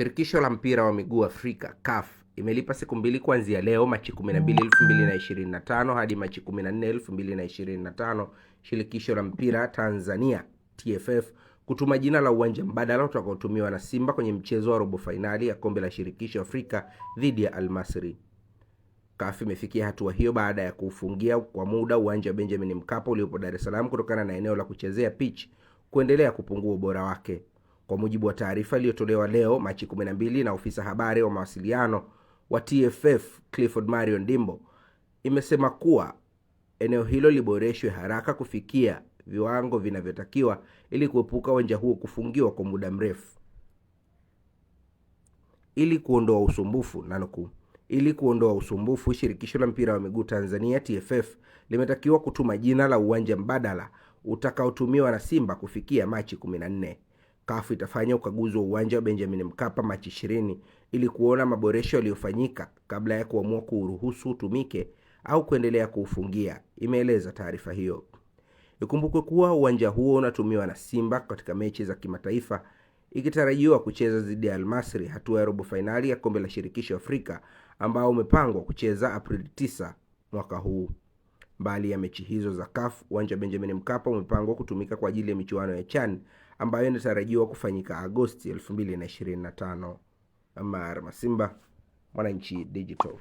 Shirikisho la mpira wa miguu Afrika CAF imelipa siku mbili kuanzia leo Machi 12225 mm. hadi Machi 14225 shirikisho la mpira Tanzania TFF kutuma jina la uwanja mbadala utakaotumiwa na Simba kwenye mchezo wa robo fainali ya kombe la shirikisho Afrika dhidi ya Almasri. CAF imefikia hatua hiyo baada ya kuufungia kwa muda uwanja wa Benjamin Mkapa uliopo Dar es Salaam kutokana na eneo la kuchezea pitch kuendelea kupungua ubora wake kwa mujibu wa taarifa iliyotolewa leo Machi 12 na ofisa habari wa mawasiliano wa TFF Clifford Mario Ndimbo, imesema kuwa eneo hilo liboreshwe haraka kufikia viwango vinavyotakiwa ili kuepuka uwanja huo kufungiwa kwa muda mrefu ili kuondoa usumbufu nanukuu, ili kuondoa usumbufu, shirikisho la mpira wa miguu Tanzania TFF limetakiwa kutuma jina la uwanja mbadala utakaotumiwa na Simba kufikia Machi 14. CAF itafanya ukaguzi wa uwanja wa Benjamin Mkapa Machi 20 ili kuona maboresho yaliyofanyika kabla ya kuamua kuuruhusu utumike au kuendelea kuufungia, imeeleza taarifa hiyo. Ikumbukwe kuwa uwanja huo unatumiwa na Simba katika mechi za kimataifa ikitarajiwa kucheza dhidi ya Almasri hatua ya robo fainali ya kombe la shirikisho Afrika ambao umepangwa kucheza Aprili 9 mwaka huu mbali ya mechi hizo za CAF, uwanja wa Benjamin Mkapa umepangwa kutumika kwa ajili ya michuano ya CHAN ambayo inatarajiwa kufanyika Agosti 2025. Amar Masimba, Mwananchi Digital.